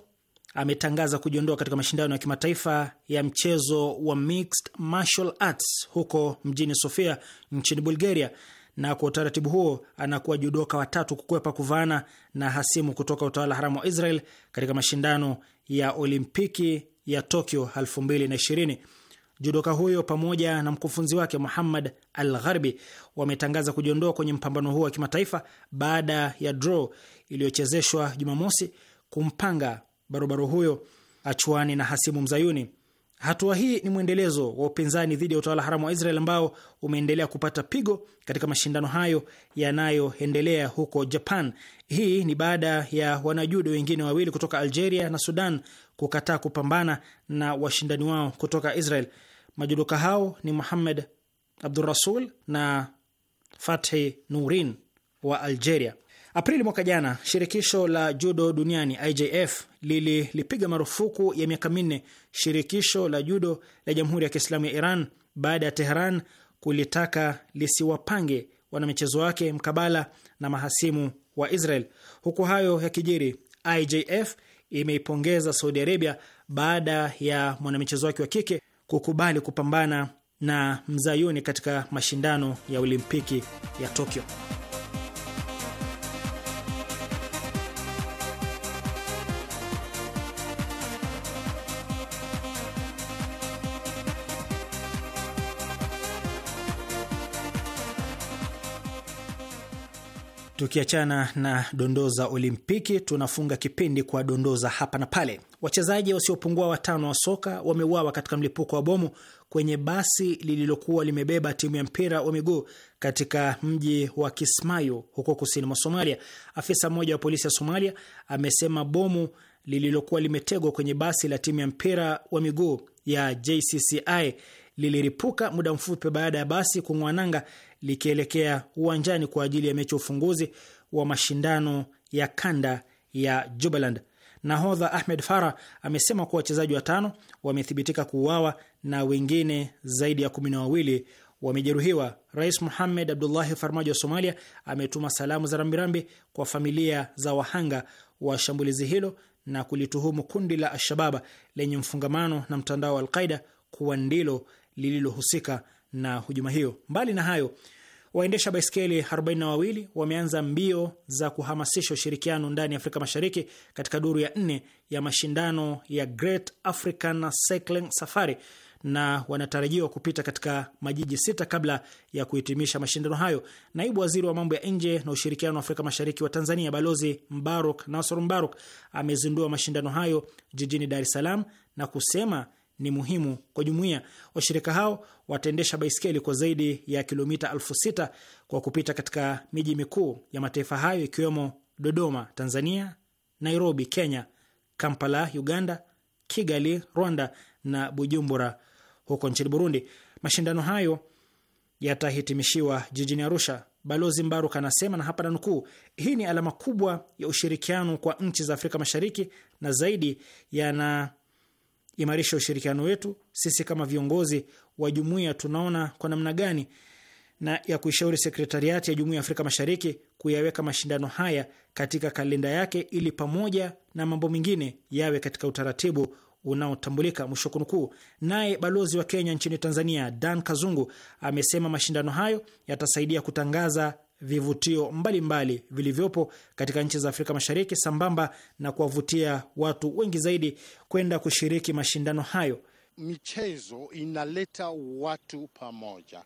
ametangaza kujiondoa katika mashindano ya kimataifa ya mchezo wa mixed martial arts huko mjini Sofia nchini Bulgaria na kwa utaratibu huo anakuwa judoka watatu kukwepa kuvaana na hasimu kutoka utawala haramu wa Israel katika mashindano ya Olimpiki ya Tokyo 2020. Judoka huyo pamoja na mkufunzi wake Muhammad Al Gharbi wametangaza kujiondoa kwenye mpambano huo wa kimataifa baada ya draw iliyochezeshwa Jumamosi kumpanga barobaro huyo achuani na hasimu mzayuni Hatua hii ni mwendelezo wa upinzani dhidi ya utawala haramu wa Israel ambao umeendelea kupata pigo katika mashindano hayo yanayoendelea huko Japan. Hii ni baada ya wanajudo wengine wawili kutoka Algeria na Sudan kukataa kupambana na washindani wao kutoka Israel. Majudoka hao ni Muhamed Abdurasul na Fathi Nurin wa Algeria. Aprili mwaka jana, shirikisho la judo duniani IJF lililipiga marufuku ya miaka minne shirikisho la judo la Jamhuri ya Kiislamu ya Iran baada ya Teheran kulitaka lisiwapange wanamichezo wake mkabala na mahasimu wa Israel. Huku hayo yakijiri, IJF imeipongeza Saudi Arabia baada ya mwanamichezo wake wa kike kukubali kupambana na mzayuni katika mashindano ya Olimpiki ya Tokyo. Tukiachana na dondoo za Olimpiki, tunafunga kipindi kwa dondoo za hapa na pale. Wachezaji wasiopungua watano wa soka wameuawa katika mlipuko wa bomu kwenye basi lililokuwa limebeba timu ya mpira wa miguu katika mji wa Kismayo huko kusini mwa Somalia. Afisa mmoja wa polisi ya Somalia amesema bomu lililokuwa limetegwa kwenye basi la timu ya mpira wa miguu ya JCCI liliripuka muda mfupi baada ya basi kungwananga likielekea uwanjani kwa ajili ya mechi ya ufunguzi wa mashindano ya kanda ya Jubaland. Nahodha Ahmed Fara amesema kuwa wachezaji watano wamethibitika kuuawa na wengine zaidi ya kumi na wawili wamejeruhiwa. Rais Muhamed Abdullahi Farmaji wa Somalia ametuma salamu za rambirambi kwa familia za wahanga wa shambulizi hilo na kulituhumu kundi la Alshababa lenye mfungamano na mtandao wa Alqaida kuwa ndilo lililohusika na hujuma hiyo. Mbali na hayo, waendesha baiskeli 42 wameanza mbio za kuhamasisha ushirikiano ndani ya Afrika Mashariki katika duru ya nne ya mashindano ya Great African Cycling Safari na wanatarajiwa kupita katika majiji sita kabla ya kuhitimisha mashindano hayo. Naibu waziri wa mambo ya nje na ushirikiano wa Afrika Mashariki wa Tanzania, Balozi Mbaruk Nasor Mbaruk, amezindua mashindano hayo jijini Dar es Salaam na kusema ni muhimu kwa jumuiya. Washirika hao wataendesha baiskeli kwa zaidi ya kilomita elfu sita kwa kupita katika miji mikuu ya mataifa hayo ikiwemo Dodoma, Tanzania, Nairobi, Kenya, Kampala, Uganda, Kigali, Rwanda na Bujumbura huko nchini Burundi. Mashindano hayo yatahitimishiwa jijini Arusha. Balozi Mbaruk anasema na hapa nanukuu, hii ni alama kubwa ya ushirikiano kwa nchi za Afrika Mashariki na zaidi yana imarisha ushirikiano wetu. Sisi kama viongozi wa jumuiya tunaona kwa namna gani na ya kuishauri sekretariati ya Jumuiya ya Afrika Mashariki kuyaweka mashindano haya katika kalenda yake ili pamoja na mambo mengine yawe katika utaratibu unaotambulika. Mwisho kunukuu. Naye balozi wa Kenya nchini Tanzania Dan Kazungu amesema mashindano hayo yatasaidia kutangaza vivutio mbalimbali vilivyopo katika nchi za Afrika Mashariki sambamba na kuwavutia watu wengi zaidi kwenda kushiriki mashindano hayo. Michezo inaleta watu pamoja,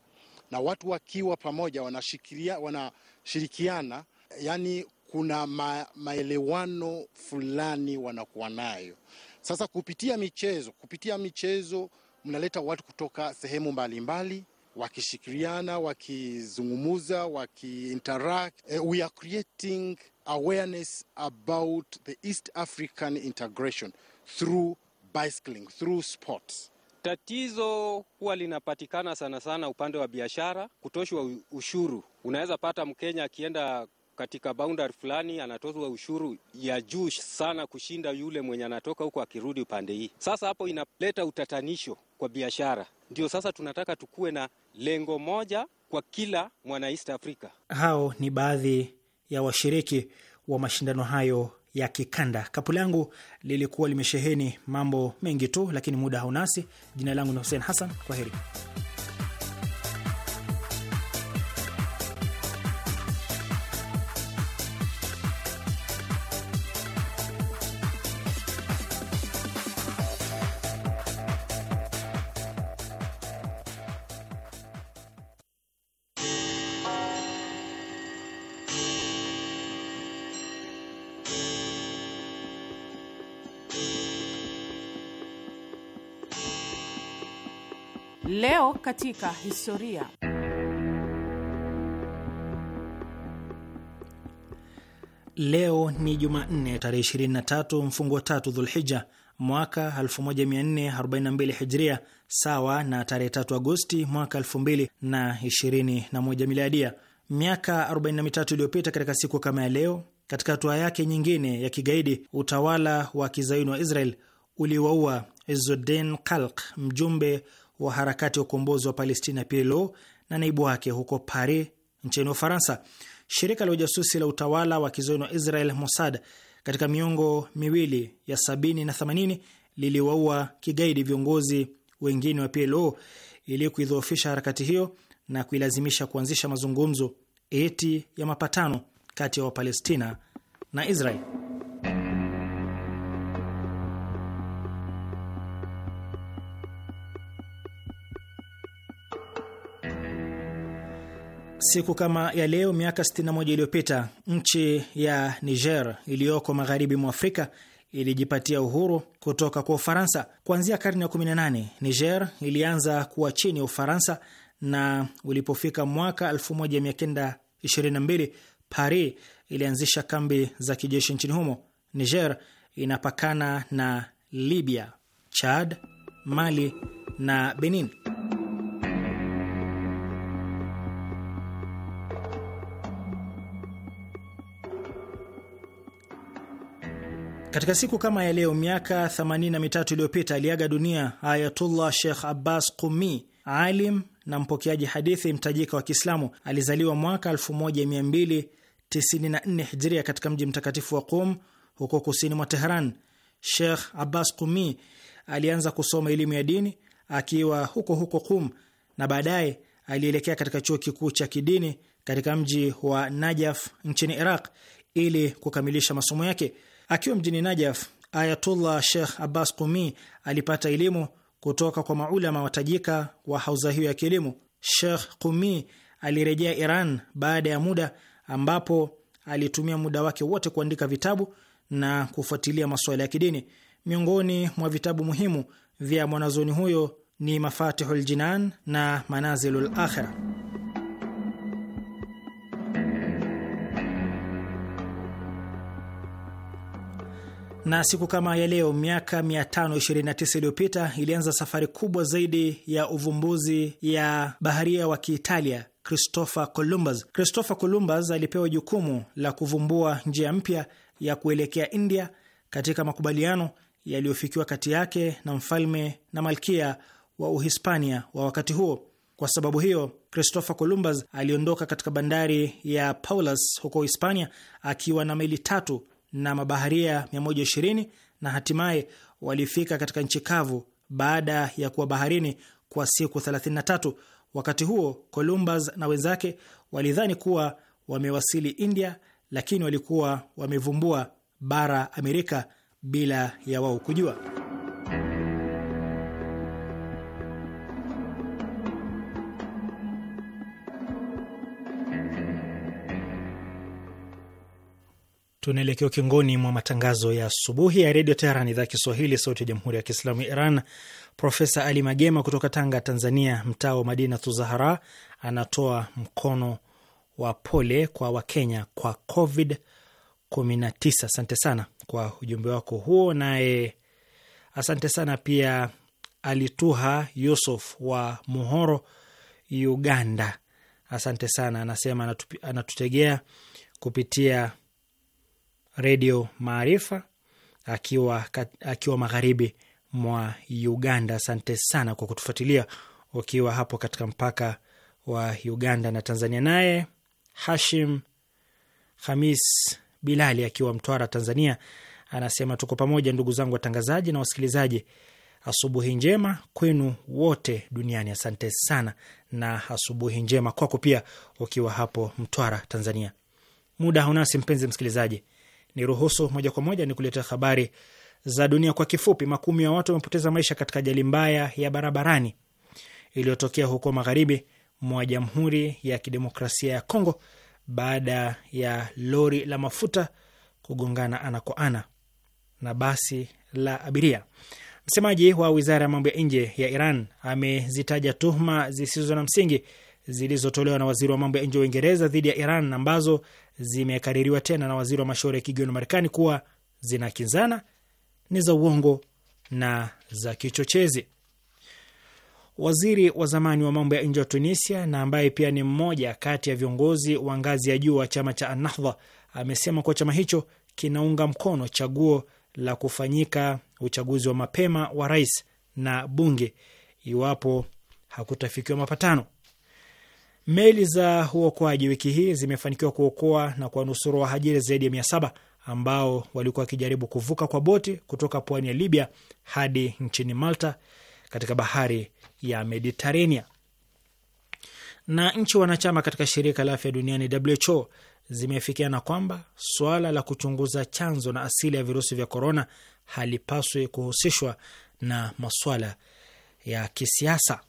na watu wakiwa pamoja wanashikilia, wanashirikiana, yani kuna ma, maelewano fulani wanakuwa nayo. Sasa kupitia michezo, kupitia michezo mnaleta watu kutoka sehemu mbalimbali mbali wakishikiriana, wakizungumuza, wakiinteract. Eh, we are creating awareness about the East African integration through bicycling, through sports. Tatizo huwa linapatikana sana sana upande wa biashara, kutoshwa ushuru. Unaweza pata Mkenya akienda katika boundary fulani anatozwa ushuru ya juu sana kushinda yule mwenye anatoka huko akirudi upande hii. Sasa hapo inaleta utatanisho kwa biashara. Ndio sasa tunataka tukuwe na lengo moja kwa kila mwana East Africa. Hao ni baadhi ya washiriki wa mashindano hayo ya kikanda. Kapu langu lilikuwa limesheheni mambo mengi tu, lakini muda haunasi. Jina langu ni Hussein Hassan, kwa heri. katika historia. Leo ni Jumanne tarehe 23 mfungo tatu Dhulhija mwaka 1442 Hijria, sawa na tarehe 3 Agosti mwaka 2021 Miladia. Miaka 43 iliyopita katika siku kama ya leo, katika hatua yake nyingine ya kigaidi, utawala wa kizayuni wa Israel uliwaua Izzuddin Kalk, mjumbe wa harakati ya ukombozi wa Palestina PLO na naibu wake huko Paris nchini Ufaransa. Shirika la ujasusi la utawala wa kizoni wa Israel Mossad katika miongo miwili ya sabini na themanini liliwaua kigaidi viongozi wengine wa PLO ili kuidhoofisha harakati hiyo na kuilazimisha kuanzisha mazungumzo eti ya mapatano kati ya Wapalestina na Israel. Siku kama ya leo miaka 61 iliyopita nchi ya Niger iliyoko magharibi mwa Afrika ilijipatia uhuru kutoka kwa Ufaransa. Kuanzia karne ya 18 Niger ilianza kuwa chini ya Ufaransa, na ulipofika mwaka 1922 Paris ilianzisha kambi za kijeshi nchini humo. Niger inapakana na Libya, Chad, Mali na Benin. Katika siku kama ya leo miaka 83 iliyopita aliaga dunia Ayatullah Sheikh Abbas Qumi, alim na mpokeaji hadithi mtajika wa Kiislamu. Alizaliwa mwaka 1294 Hijria katika mji mtakatifu wa Qum huko kusini mwa Tehran. Sheikh Abbas Qumi alianza kusoma elimu ya dini akiwa huko huko Qum na baadaye alielekea katika chuo kikuu cha kidini katika mji wa Najaf nchini Iraq ili kukamilisha masomo yake. Akiwa mjini Najaf, Ayatullah Sheikh Abbas Qumi alipata elimu kutoka kwa maulama watajika wa hauza hiyo ya kielimu. Sheikh Qumi alirejea Iran baada ya muda, ambapo alitumia muda wake wote kuandika vitabu na kufuatilia masuala ya kidini. Miongoni mwa vitabu muhimu vya mwanazoni huyo ni Mafatihul Jinan na Manazilul Akhira. Na siku kama ya leo miaka 529 iliyopita ilianza safari kubwa zaidi ya uvumbuzi ya baharia wa Kiitalia Christopher Columbus. Christopher Columbus alipewa jukumu la kuvumbua njia mpya ya kuelekea India katika makubaliano yaliyofikiwa kati yake na mfalme na malkia wa Uhispania wa wakati huo. Kwa sababu hiyo, Christopher Columbus aliondoka katika bandari ya paulus huko Hispania akiwa na meli tatu na mabaharia 120 na hatimaye walifika katika nchi kavu baada ya kuwa baharini kwa siku 33. Wakati huo Columbus na wenzake walidhani kuwa wamewasili India, lakini walikuwa wamevumbua bara Amerika bila ya wao kujua. Tunaelekea ukingoni mwa matangazo ya asubuhi ya redio Teheran, idhaa Kiswahili, sauti ya jamhuri ya kiislamu ya Iran. Profesa Ali Magema kutoka Tanga, Tanzania, mtaa wa Madina Tuzahara, anatoa mkono wa pole kwa Wakenya kwa Covid 19. Asante sana kwa ujumbe wako huo. Naye asante sana pia Alituha Yusuf wa Muhoro, Uganda, asante sana. Anasema anatutegea kupitia Redio Maarifa akiwa, akiwa magharibi mwa Uganda. Asante sana kwa kutufuatilia ukiwa hapo katika mpaka wa Uganda na Tanzania. Naye Hashim Hamis Bilali akiwa Mtwara, Tanzania, anasema tuko pamoja ndugu zangu watangazaji na wasikilizaji, asubuhi njema kwenu wote duniani. Asante sana na asubuhi njema kwako pia ukiwa hapo Mtwara, Tanzania. Muda haunasi mpenzi msikilizaji ni ruhusu moja kwa moja ni kuleta habari za dunia kwa kifupi. Makumi ya watu wamepoteza maisha katika ajali mbaya ya barabarani iliyotokea huko magharibi mwa Jamhuri ya Kidemokrasia ya Kongo baada ya lori la mafuta kugongana ana kwa ana na basi la abiria. Msemaji wa wizara ya mambo ya nje ya Iran amezitaja tuhuma zisizo na msingi zilizotolewa na waziri wa mambo ya nje wa Uingereza dhidi ya Iran ambazo zimekaririwa tena na waziri wa mashauri ya kigeni Marekani kuwa zinakinzana, ni za uongo na za kichochezi. Waziri wa zamani wa mambo ya nje wa Tunisia na ambaye pia ni mmoja kati ya viongozi wa ngazi ya juu wa chama cha anahdha amesema kuwa chama hicho kinaunga mkono chaguo la kufanyika uchaguzi wa mapema wa rais na bunge iwapo hakutafikiwa mapatano. Meli za uokoaji wiki hii zimefanikiwa kuokoa na kuwanusuru wahajiri zaidi ya mia saba ambao walikuwa wakijaribu kuvuka kwa boti kutoka pwani ya Libya hadi nchini Malta katika bahari ya Mediterania. Na nchi wanachama katika shirika la afya duniani WHO zimeafikiana kwamba suala la kuchunguza chanzo na asili ya virusi vya korona halipaswi kuhusishwa na masuala ya kisiasa.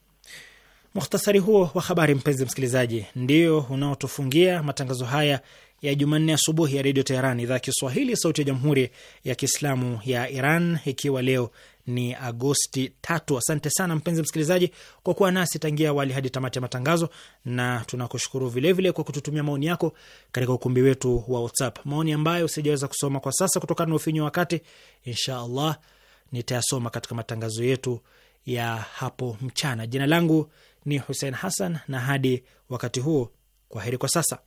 Muhtasari huo wa habari, mpenzi msikilizaji, ndio unaotufungia matangazo haya ya Jumanne asubuhi ya Redio Teheran, idhaa ya Kiswahili, sauti ya Jamhuri ya Kiislamu ya Iran, ikiwa leo ni Agosti tatu. Asante sana mpenzi msikilizaji kwa kuwa nasi tangia awali hadi tamati ya matangazo, na tunakushukuru vilevile kwa kututumia maoni yako katika ukumbi wetu wa WhatsApp, maoni ambayo sijaweza kusoma kwa sasa kutokana na ufinyu wa wakati. Insha Allah nitayasoma katika matangazo yetu ya hapo mchana. Jina langu ni Hussein Hassan, na hadi wakati huo, kwa heri kwa sasa.